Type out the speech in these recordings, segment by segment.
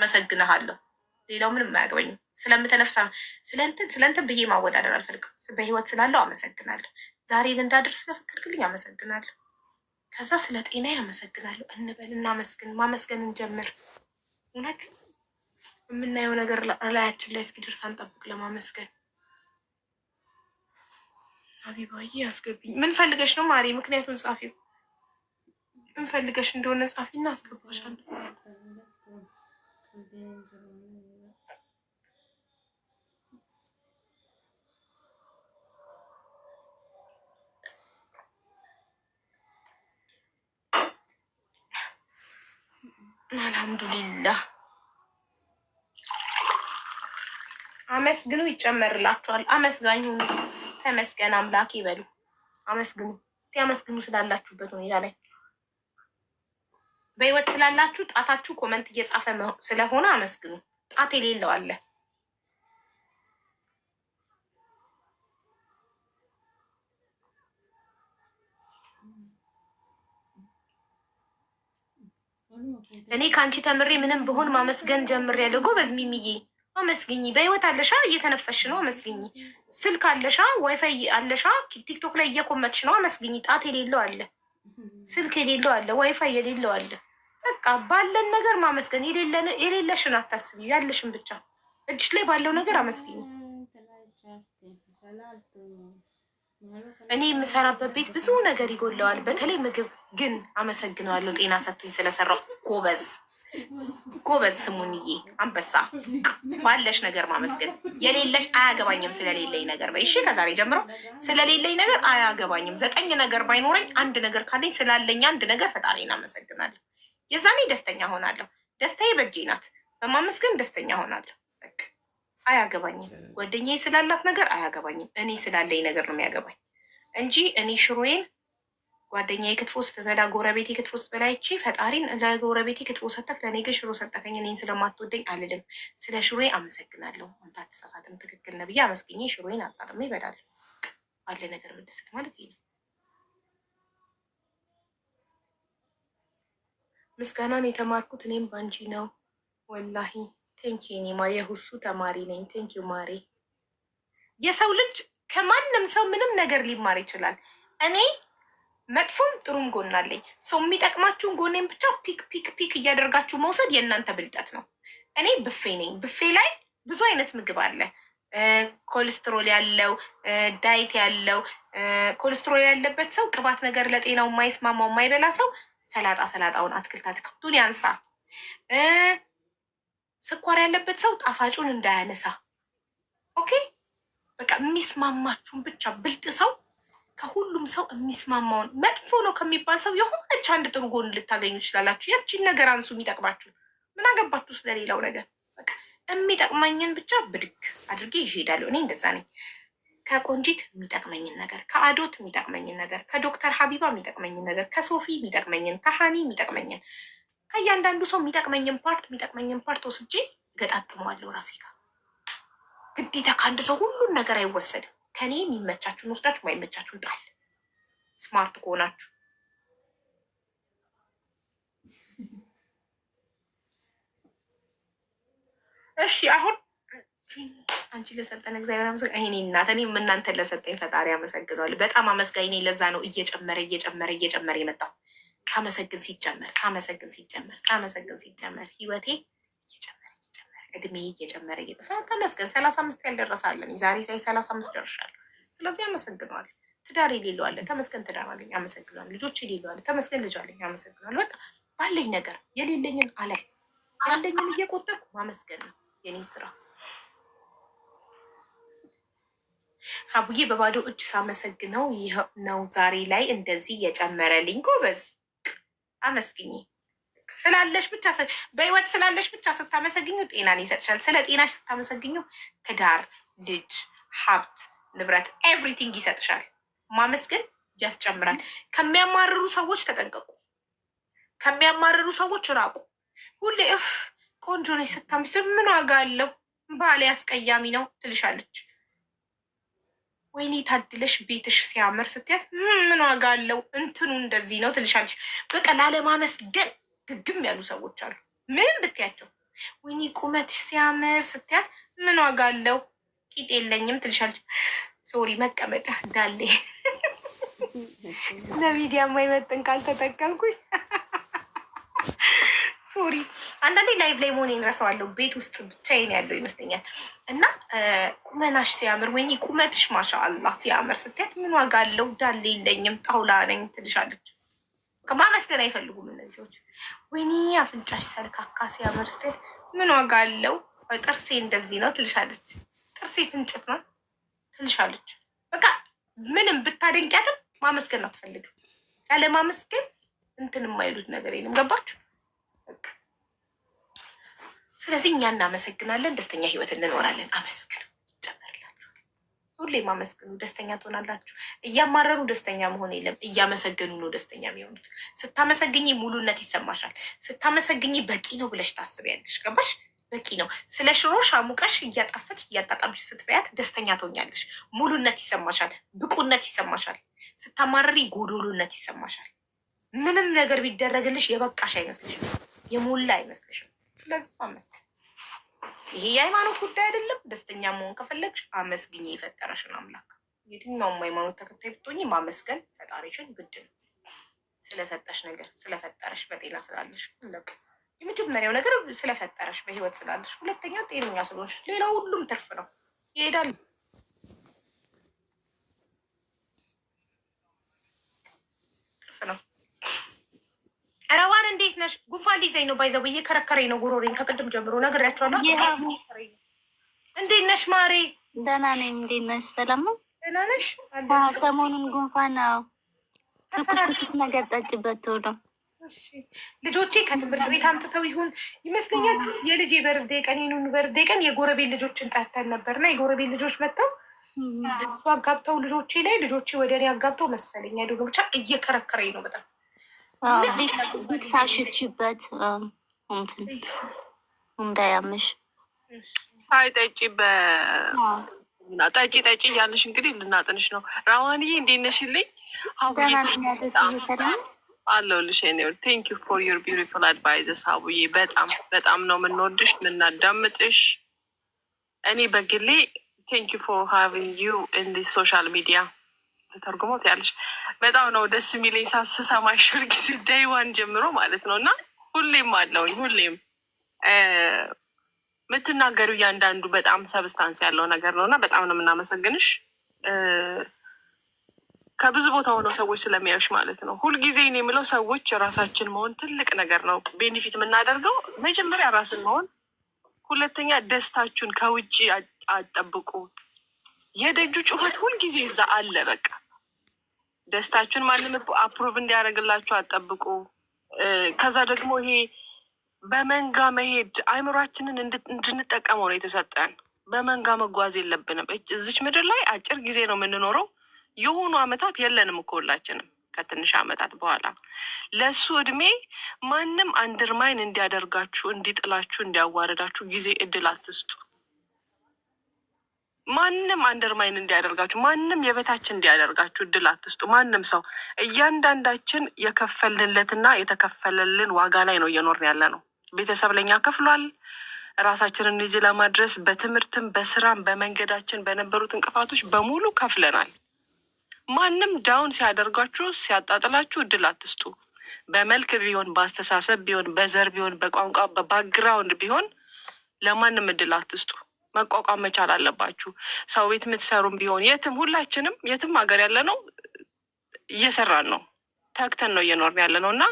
አመሰግንሃለሁ። ሌላው ምንም አያገበኝም። ስለምተነፍሳ ስለንትን ስለንትን ብዬ ማወዳደር አልፈልግም። በህይወት ስላለው አመሰግናለሁ። ዛሬን እንዳደርስ ስለፈቀድክልኝ አመሰግናለሁ። ከዛ ስለ ጤና ያመሰግናለሁ እንበል። እናመስግን፣ ማመስገን እንጀምር። እውነት የምናየው ነገር ላያችን ላይ እስኪደርስ አንጠብቅ ለማመስገን። አቢባዬ አስገብኝ። ምን ፈልገሽ ነው ማሪ? ምክንያቱን ጻፊው ምን ፈልገሽ እንደሆነ ጻፊና አስገባሻለሁ። አልሐምዱሊላህ አመስግኑ፣ ይጨመርላችኋል። አመስጋኝ ሁኑ፣ ተመስገን አምላክ ይበሉ። አመስግኑ፣ እስቲ አመስግኑ ስላላችሁበት ሁኔታ ላይ በህይወት ስላላችሁ ጣታችሁ ኮመንት እየጻፈ ስለሆነ አመስግኑ። ጣት የሌለው አለ። እኔ ከአንቺ ተምሬ ምንም ብሆን ማመስገን ጀምሬያለሁ። ጎበዝ ሚሚዬ አመስግኝ። በህይወት አለሻ፣ እየተነፈሽ ነው፣ አመስግኝ። ስልክ አለሻ፣ ዋይፋይ አለሻ፣ ቲክቶክ ላይ እየኮመትሽ ነው፣ አመስግኝ። ጣት የሌለው አለ። ስልክ የሌለው አለ፣ ዋይፋይ የሌለው አለ። በቃ ባለን ነገር ማመስገን፣ የሌለሽን አታስቢ፣ ያለሽን ብቻ እጅሽ ላይ ባለው ነገር አመስግኝ። እኔ የምሰራበት ቤት ብዙ ነገር ይጎለዋል፣ በተለይ ምግብ ግን አመሰግነዋለሁ፣ ጤና ሰጥቶኝ ስለሰራው ጎበዝ ጎበዝ ስሙንዬ አንበሳ ባለሽ ነገር ማመስገን የሌለሽ አያገባኝም ስለሌለኝ ነገር በይ። እሺ ከዛሬ ጀምሮ ስለሌለኝ ነገር አያገባኝም። ዘጠኝ ነገር ባይኖረኝ አንድ ነገር ካለኝ ስላለኝ አንድ ነገር ፈጣሪን አመሰግናለሁ። የዛኔ ደስተኛ ሆናለሁ። ደስታዬ በእጄ ናት። በማመስገን ደስተኛ ሆናለሁ። አያገባኝም። ጓደኛዬ ስላላት ነገር አያገባኝም። እኔ ስላለኝ ነገር ነው የሚያገባኝ እንጂ እኔ ሽሮዬን ጓደኛ ክትፎ ስትበላ ጎረቤቴ ክትፎ ስትበላ ይቺ ፈጣሪን ለጎረቤቴ ክትፎ ሰጠክ፣ ለእኔ ግን ሽሮ ሰጠከኝ፣ እኔን ስለማትወደኝ አልልም። ስለ ሽሮዬ አመሰግናለሁ። አንተ አትሳሳትም፣ ትክክል ነህ ብዬ አመስገኘ ሽሮዬን አጣጥሜ እበላለሁ። ባለ ነገር ምንደሰት ማለት ነው። ምስጋናን የተማርኩት እኔም ባንቺ ነው ወላሂ። ቴንኪዩ ኔማ የሁሱ ተማሪ ነኝ። ቴንኪዩ ማሬ። የሰው ልጅ ከማንም ሰው ምንም ነገር ሊማር ይችላል። እኔ መጥፎም ጥሩም ጎን አለኝ። ሰው የሚጠቅማችሁን ጎኔን ብቻ ፒክ ፒክ ፒክ እያደርጋችሁ መውሰድ የእናንተ ብልጠት ነው። እኔ ብፌ ነኝ። ብፌ ላይ ብዙ አይነት ምግብ አለ። ኮሌስትሮል ያለው ዳይት ያለው ኮሌስትሮል ያለበት ሰው ቅባት ነገር ለጤናው የማይስማማው የማይበላ ሰው ሰላጣ ሰላጣውን አትክልት አትክልቱን ያንሳ። ስኳር ያለበት ሰው ጣፋጩን እንዳያነሳ። ኦኬ በቃ የሚስማማችሁን ብቻ ብልጥ ሰው ከሁሉም ሰው የሚስማማውን መጥፎ ነው ከሚባል ሰው የሆነች አንድ ጥሩ ጎን ልታገኙ ትችላላችሁ። ያቺን ነገር አንሱ። የሚጠቅማችሁ ምን አገባችሁ ስለሌላው ነገር፣ በቃ የሚጠቅመኝን ብቻ ብድግ አድርጌ ይሄዳለሁ። እኔ እንደዛ ነኝ። ከቆንጂት የሚጠቅመኝን ነገር፣ ከአዶት የሚጠቅመኝን ነገር፣ ከዶክተር ሀቢባ የሚጠቅመኝን ነገር፣ ከሶፊ የሚጠቅመኝን፣ ከሀኒ የሚጠቅመኝን፣ ከእያንዳንዱ ሰው የሚጠቅመኝን ፓርት የሚጠቅመኝን ፓርት ወስጄ ገጣጥመዋለሁ ራሴ ጋር። ግዴታ ከአንድ ሰው ሁሉን ነገር አይወሰድም። ከኔ የሚመቻችሁን ወስዳችሁ ማይመቻችሁን ጣል። ስማርት ከሆናችሁ እሺ። አሁን አንቺ ለሰጠን እግዚአብሔር አመሰግ አይኔ እናት እኔም እናንተን ለሰጠኝ ፈጣሪ አመሰግነዋል። በጣም አመስጋኝ ነኝ። ለዛ ነው እየጨመረ እየጨመረ እየጨመረ የመጣው ሳመሰግን ሲጨመር ሳመሰግን ሲጨመር ሳመሰግን ሲጨመር ህይወቴ እየጨመረ እድሜ እየጨመረ እየጠሳ ተመስገን ሰላሳ አምስት ያልደረሳለን ዛሬ ሳይ ሰላሳ አምስት ደርሻለሁ። ስለዚህ አመሰግነዋል። ትዳር የሌለዋለ ተመስገን ትዳር አለኝ አመሰግናል። ልጆች የሌለዋለ ተመስገን ልጅ አለኝ አመሰግናል። በቃ ባለኝ ነገር የሌለኝን አላይ ያለኝን እየቆጠርኩ ማመስገን ነው የኔ ስራ። አቡዬ በባዶ እጅ ሳመሰግነው ነው ዛሬ ላይ እንደዚህ የጨመረልኝ። ጎበዝ አመስግኝ ስላለሽ ብቻ በህይወት ስላለሽ ብቻ ስታመሰግኙ ጤናን ይሰጥሻል። ስለ ጤናሽ ስታመሰግኙ ትዳር፣ ልጅ፣ ሀብት፣ ንብረት ኤቭሪቲንግ ይሰጥሻል። ማመስገን ያስጨምራል። ከሚያማርሩ ሰዎች ተጠንቀቁ። ከሚያማርሩ ሰዎች ራቁ። ሁሌ እፍ ቆንጆ ነች ስታምስ ምን ዋጋ አለው ባሌ አስቀያሚ ነው ትልሻለች። ወይኔ ታድለሽ ቤትሽ ሲያምር ስትያት ምን ዋጋ አለው እንትኑ እንደዚህ ነው ትልሻለች። በቃ ላለማመስገን ግግም ያሉ ሰዎች አሉ። ምንም ብትያቸው ወይኒ ቁመትሽ ሲያምር ስትያት ምን ዋጋ አለው ቂጥ የለኝም ትልሻለች። ሶሪ መቀመጫ ዳሌ ለሚዲያ የማይመጥን ካልተጠቀምኩኝ ሶሪ። አንዳንዴ ላይቭ ላይ መሆን እረሳዋለሁ። ቤት ውስጥ ብቻዬን ያለው ይመስለኛል። እና ቁመናሽ ሲያምር ወይኒ ቁመትሽ ማሻ አላህ ሲያምር ስትያት ምን ዋጋ አለው ዳሌ የለኝም ጣውላ ነኝ ትልሻለች። ማመስገን አይፈልጉም እነዚዎች። ወይኔ አፍንጫሽ ሰልካካ ሲያምር ስትሄድ ምን ዋጋ አለው? ጥርሴ እንደዚህ ነው ትልሻለች። ጥርሴ ፍንጭት ነው ትልሻለች። በቃ ምንም ብታደንቂያትም ማመስገን አትፈልግም። ያለ ማመስገን እንትን የማይሉት ነገር የለም። ገባችሁ? ስለዚህ እኛ እናመሰግናለን፣ ደስተኛ ህይወት እንኖራለን። አመስግን ሁሌ ማመስገኑ ደስተኛ ትሆናላችሁ። እያማረሩ ደስተኛ መሆን የለም፣ እያመሰገኑ ነው ደስተኛ የሚሆኑት። ስታመሰግኝ ሙሉነት ይሰማሻል። ስታመሰግኝ በቂ ነው ብለሽ ታስቢያለሽ። ገባሽ? በቂ ነው። ስለ ሽሮ ሻሙቀሽ እያጣፈች እያጣጣምሽ ስትበያት ደስተኛ ትሆኛለሽ። ሙሉነት ይሰማሻል፣ ብቁነት ይሰማሻል። ስታማረሪ ጎዶሎነት ይሰማሻል። ምንም ነገር ቢደረግልሽ የበቃሽ አይመስልሽም፣ የሞላ አይመስልሽም። ስለዚህ ማመስገን ይሄ የሃይማኖት ጉዳይ አይደለም። ደስተኛ መሆን ከፈለግሽ አመስግኝ የፈጠረሽን አምላክ። የትኛውም ሃይማኖት ተከታይ ብትሆኝ ማመስገን ፈጣሪሽን ግድ ነው። ስለሰጠሽ ነገር፣ ስለፈጠረሽ፣ በጤና ስላለሽ፣ ለቅ የመጀመሪያው ነገር ስለፈጠረሽ፣ በህይወት ስላለሽ፣ ሁለተኛው ጤነኛ ስለሆንሽ፣ ሌላው ሁሉም ትርፍ ነው ይሄዳል። ነሽ? ጉንፋን ሊይዘኝ ነው። ባይዘው እየከረከረኝ ነው ጉሮሬን ከቅድም ጀምሮ ነግሬያቸዋለሁ። እንዴት ነሽ ማሬ? ደህና ነኝ። እንዴት ነሽ? ሰላም ነው። ደህና ነሽ? ሰሞኑን ጉንፋን ነው። ትኩስ ትኩስ ነገር ጠጭበት ቶሎ። ልጆቼ ከትምህርት ቤት አምጥተው ይሁን ይመስለኛል የልጅ የበርዝዴ ቀን የኑን በርዝዴ ቀን የጎረቤት ልጆችን ጠርተን ነበር እና የጎረቤት ልጆች መጥተው እሱ አጋብተው ልጆቼ ላይ ልጆቼ ወደ እኔ አጋብተው መሰለኝ አይደሉ ብቻ እየከረከረኝ ነው በጣም ቪክስ አሽቺበት እንትን እንዳያምሽ አይ ጠጪ ጠጪ ጠጪ እያለሽ እንግዲህ ልናጥንሽ ነው። ራዋንዬ እንዴት ነሽልኝ? አለሁልሽ ኔ ቴንክ ዩ ፎር ዮር ቢዩቲፉል አድቫይዘስ አቡዬ፣ በጣም በጣም ነው የምንወድሽ የምናዳምጥሽ። እኔ በግሌ ቴንክ ዩ ፎር ሃቪንግ ዩ ኢን ሶሻል ሚዲያ ተርጉሞ ያለች በጣም ነው ደስ የሚለኝ ስሰማሽ ሁልጊዜ ዳይዋን ጀምሮ ማለት ነው እና ሁሌም አለውኝ ሁሌም የምትናገሩ እያንዳንዱ በጣም ሰብስታንስ ያለው ነገር ነው እና በጣም ነው የምናመሰግንሽ። ከብዙ ቦታ ሆነው ሰዎች ስለሚያዩሽ ማለት ነው። ሁልጊዜ እኔ የምለው ሰዎች ራሳችን መሆን ትልቅ ነገር ነው። ቤኒፊት የምናደርገው መጀመሪያ ራስን መሆን፣ ሁለተኛ ደስታችሁን ከውጭ አጠብቁ። የደጁ ጩኸት ሁልጊዜ እዛ አለ በቃ ደስታችሁን ማንም አፕሩቭ እንዲያደርግላችሁ አጠብቁ። ከዛ ደግሞ ይሄ በመንጋ መሄድ አይምሯችንን እንድንጠቀመው ነው የተሰጠን። በመንጋ መጓዝ የለብንም። እዚች ምድር ላይ አጭር ጊዜ ነው የምንኖረው። የሆኑ አመታት የለንም እኮ ሁላችንም ከትንሽ አመታት በኋላ ለሱ እድሜ ማንም አንድርማይን እንዲያደርጋችሁ፣ እንዲጥላችሁ፣ እንዲያዋረዳችሁ ጊዜ እድል አትስጡ። ማንም አንደርማይን እንዲያደርጋችሁ ማንም የበታችን እንዲያደርጋችሁ እድል አትስጡ። ማንም ሰው እያንዳንዳችን የከፈልንለትና የተከፈለልን ዋጋ ላይ ነው እየኖርን ያለ ነው። ቤተሰብ ለኛ ከፍሏል። ራሳችንን እዚህ ለማድረስ በትምህርትም፣ በስራም፣ በመንገዳችን በነበሩት እንቅፋቶች በሙሉ ከፍለናል። ማንም ዳውን ሲያደርጋችሁ ሲያጣጥላችሁ እድል አትስጡ። በመልክ ቢሆን በአስተሳሰብ ቢሆን በዘር ቢሆን በቋንቋ በባክግራውንድ ቢሆን ለማንም እድል አትስጡ። መቋቋም መቻል አለባችሁ። ሰው ቤት የምትሰሩም ቢሆን የትም ሁላችንም የትም ሀገር ያለ ነው እየሰራን ነው ተግተን ነው እየኖርን ያለ ነው እና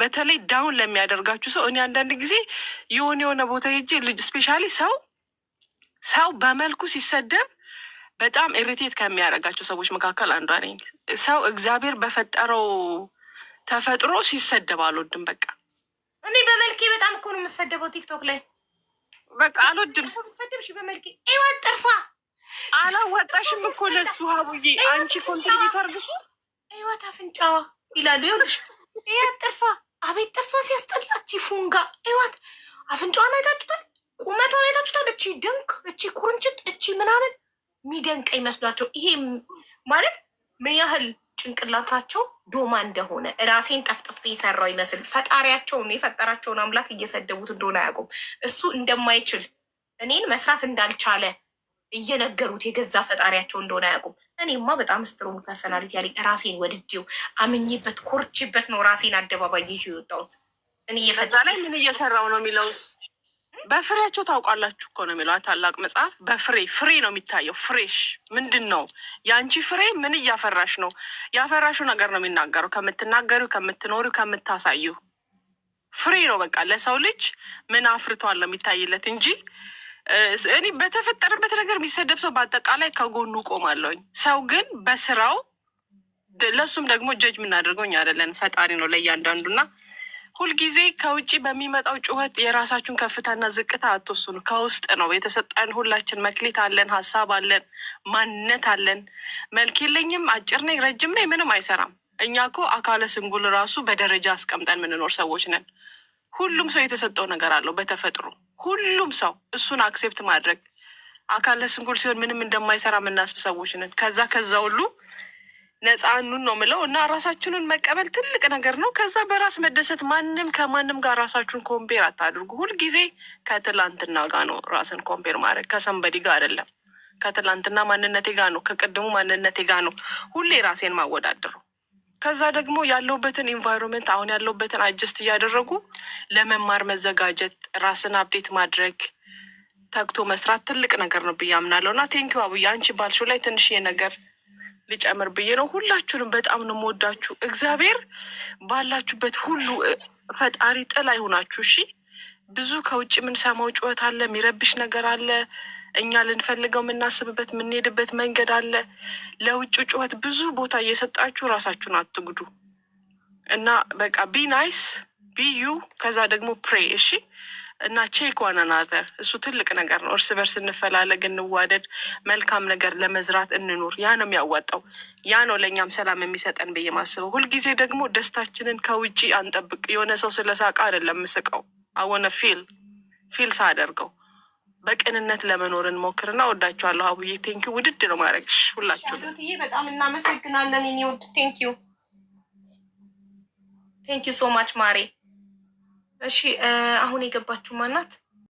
በተለይ ዳውን ለሚያደርጋችሁ ሰው እኔ አንዳንድ ጊዜ የሆነ የሆነ ቦታ ሄጄ ልጅ ስፔሻሊ ሰው ሰው በመልኩ ሲሰደብ በጣም ኢሪቴት ከሚያደርጋቸው ሰዎች መካከል አንዷ ነኝ። ሰው እግዚአብሔር በፈጠረው ተፈጥሮ ሲሰደብ አልወድም። በቃ እኔ በመልኬ በጣም እኮ ነው የምሰደበው ቲክቶክ ላይ በቃ አልወድም። ሰደብሽ በመልክ ይወን ጥርሷ አላዋጣሽም እኮ ለሱ ሀቡዬ፣ አንቺ ኮንትሪቢተር አርግሱ ይወት አፍንጫዋ ይላሉ። ይኸውልሽ ይወት ጥርሷ፣ አቤት ጥርሷ ሲያስጠላች ፉንጋ ይወት አፍንጫዋን አይታችሁታል? ቁመቷን አይታችሁታል? እቺ ድንክ፣ እቺ ኩርንችት፣ እቺ ምናምን የሚደንቀ ይመስሏቸው ይሄ ማለት ምን ያህል ጭንቅላታቸው ዶማ እንደሆነ ራሴን ጠፍጥፌ የሰራው ይመስል ፈጣሪያቸውን የፈጠራቸውን አምላክ እየሰደቡት እንደሆነ አያውቁም። እሱ እንደማይችል እኔን መስራት እንዳልቻለ እየነገሩት የገዛ ፈጣሪያቸው እንደሆነ አያውቁም። እኔማ በጣም ስትሮንግ ፐርሰናሊቲ ያለኝ ራሴን ወድጄው አምኜበት ኮርቼበት ነው ራሴን አደባባይ ይዤ የወጣሁት። እኔ እየፈጣ ላይ ምን እየሰራው ነው የሚለውስ በፍሬያቸው ታውቃላችሁ እኮ ነው የሚለው ታላቅ መጽሐፍ። በፍሬ ፍሬ ነው የሚታየው። ፍሬሽ ምንድን ነው? የአንቺ ፍሬ ምን እያፈራሽ ነው? ያፈራሹ ነገር ነው የሚናገረው። ከምትናገሪው፣ ከምትኖሪው፣ ከምታሳዩ ፍሬ ነው። በቃ ለሰው ልጅ ምን አፍርቷል ነው የሚታይለት እንጂ እኔ በተፈጠረበት ነገር የሚሰደብ ሰው በአጠቃላይ ከጎኑ ቆማለሁኝ። ሰው ግን በስራው ለእሱም ደግሞ ጀጅ የምናደርገው እኛ አይደለን፣ ፈጣሪ ነው ለእያንዳንዱና ሁልጊዜ ከውጭ በሚመጣው ጩኸት የራሳችሁን ከፍታና ዝቅታ አትወስኑ። ከውስጥ ነው የተሰጠን። ሁላችን መክሊት አለን፣ ሀሳብ አለን፣ ማንነት አለን። መልክ የለኝም፣ አጭር ነኝ፣ ረጅም ነኝ፣ ምንም አይሰራም። እኛ እኮ አካለ ስንጉል ራሱ በደረጃ አስቀምጠን የምንኖር ሰዎች ነን። ሁሉም ሰው የተሰጠው ነገር አለው በተፈጥሮ ሁሉም ሰው እሱን አክሴፕት ማድረግ አካለ ስንጉል ሲሆን ምንም እንደማይሰራ የምናስብ ሰዎች ነን። ከዛ ከዛ ሁሉ ነፃ ኑን ነው ምለው እና ራሳችንን መቀበል ትልቅ ነገር ነው። ከዛ በራስ መደሰት። ማንም ከማንም ጋር ራሳችሁን ኮምፔር አታድርጉ። ሁልጊዜ ከትላንትና ጋር ነው ራስን ኮምፔር ማድረግ፣ ከሰንበዲ ጋር አይደለም። ከትላንትና ማንነቴ ጋር ነው፣ ከቅድሙ ማንነቴ ጋር ነው ሁሌ ራሴን ማወዳደሩ። ከዛ ደግሞ ያለውበትን ኢንቫይሮንመንት አሁን ያለውበትን አጀስት እያደረጉ ለመማር መዘጋጀት፣ ራስን አፕዴት ማድረግ ተግቶ መስራት ትልቅ ነገር ነው ብዬ አምናለሁ እና ቴንኪው አብዬ አንቺ ባልሽው ላይ ትንሽዬ ነገር ልጨምር ብዬ ነው። ሁላችሁንም በጣም ነው የምወዳችሁ። እግዚአብሔር ባላችሁበት ሁሉ ፈጣሪ ጥላ ይሆናችሁ። እሺ ብዙ ከውጭ የምንሰማው ጩኸት አለ፣ የሚረብሽ ነገር አለ፣ እኛ ልንፈልገው የምናስብበት የምንሄድበት መንገድ አለ። ለውጭ ጩኸት ብዙ ቦታ እየሰጣችሁ ራሳችሁን አትጉዱ እና በቃ ቢ ናይስ ቢ ዩ ከዛ ደግሞ ፕሬ እሺ እና ቼክ ዋን አናዘር እሱ ትልቅ ነገር ነው። እርስ በርስ እንፈላለግ፣ እንዋደድ፣ መልካም ነገር ለመዝራት እንኑር። ያ ነው የሚያዋጣው። ያ ነው ለእኛም ሰላም የሚሰጠን ብዬ ማስበው። ሁልጊዜ ደግሞ ደስታችንን ከውጪ አንጠብቅ። የሆነ ሰው ስለሳቀ አይደለም ምስቀው አወነ ፊል ፊል ሳደርገው በቅንነት ለመኖር እንሞክርና ወዳችኋለሁ። አቡዬ ቴንኪ ውድድ ነው ማድረግሽ። ሁላችሁ በጣም እናመሰግናለን። ኔ ውድ ቴንኪ ቴንኪው ሶ ማች ማሬ እሺ አሁን የገባችሁ ማናት?